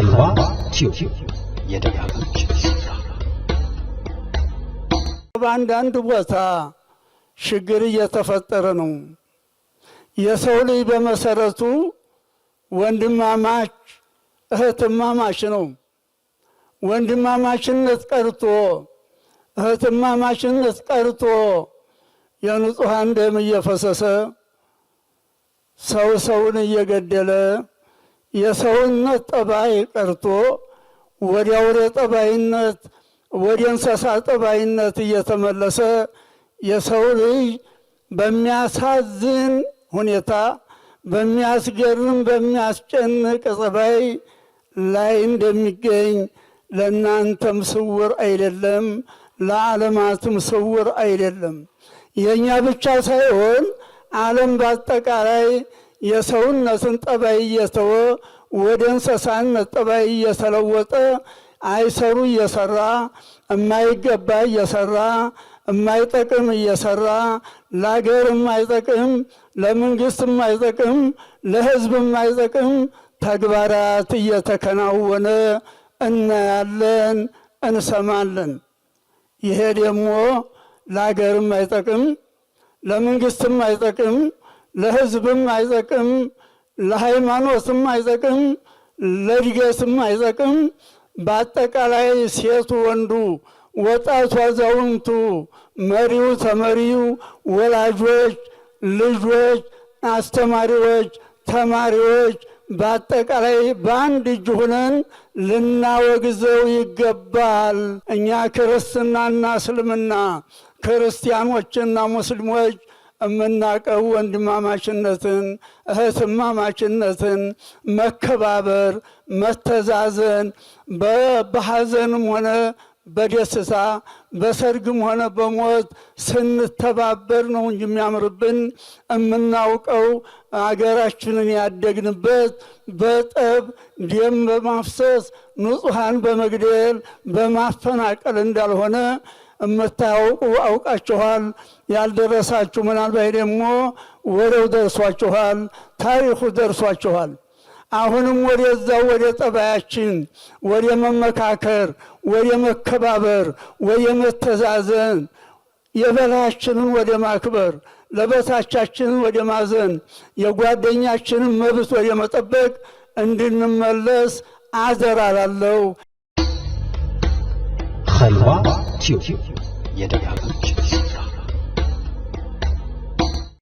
ተልባ ቲዩ የደጋጎች ስፍራ። በአንዳንድ ቦታ ችግር እየተፈጠረ ነው። የሰው ልጅ በመሰረቱ ወንድማማች እህትማማች ነው። ወንድማማችነት ቀርቶ እህትማማችነት ቀርቶ የንጹሐን ደም እየፈሰሰ ሰው ሰውን እየገደለ የሰውነት ጠባይ ቀርቶ ወደ አውሬ ጠባይነት ወደ እንስሳ ጠባይነት እየተመለሰ የሰው ልጅ በሚያሳዝን ሁኔታ በሚያስገርም በሚያስጨንቅ ጸባይ ላይ እንደሚገኝ ለእናንተም ስውር አይደለም፣ ለዓለማትም ስውር አይደለም። የእኛ ብቻ ሳይሆን ዓለም በአጠቃላይ የሰውነትን ጠባይ እየተወ ወደ እንስሳነት ጠባይ እየተለወጠ አይሰሩ እየሰራ እማይገባ እየሰራ እማይጠቅም እየሰራ ለአገር የማይጠቅም ለመንግስት የማይጠቅም ለህዝብ የማይጠቅም ተግባራት እየተከናወነ እናያለን፣ እንሰማለን። ይሄ ደግሞ ለአገር የማይጠቅም ለመንግስት የማይጠቅም ለህዝብም አይጠቅም፣ ለሃይማኖትም አይጠቅም፣ ለእድገትም አይጠቅም። በአጠቃላይ ሴቱ ወንዱ፣ ወጣቱ አዛውንቱ፣ መሪው ተመሪው፣ ወላጆች፣ ልጆች፣ አስተማሪዎች፣ ተማሪዎች በአጠቃላይ በአንድ እጅ ሆነን ልናወግዘው ይገባል። እኛ ክርስትናና እስልምና ክርስቲያኖችና ሙስሊሞች የምናቀው ወንድማማችነትን፣ እህትማማችነትን፣ መከባበር፣ መተዛዘን በሐዘንም ሆነ በደስታ በሰርግም ሆነ በሞት ስንተባበር ነው እንጂ የሚያምርብን። የምናውቀው አገራችንን ያደግንበት በጠብ ደም በማፍሰስ ንጹሐን በመግደል በማፈናቀል እንዳልሆነ እምታውቁ አውቃችኋል፣ ያልደረሳችሁ ምናልባት ደግሞ ወሬው ደርሷችኋል፣ ታሪኩ ደርሷችኋል። አሁንም ወደዛው ወደ ጠባያችን ወደ መመካከር፣ ወደ መከባበር፣ ወደ መተዛዘን የበላያችንን ወደ ማክበር ለበታቻችንን ወደ ማዘን የጓደኛችንን መብት ወደ መጠበቅ እንድንመለስ አደራ ላለው 就就也这去。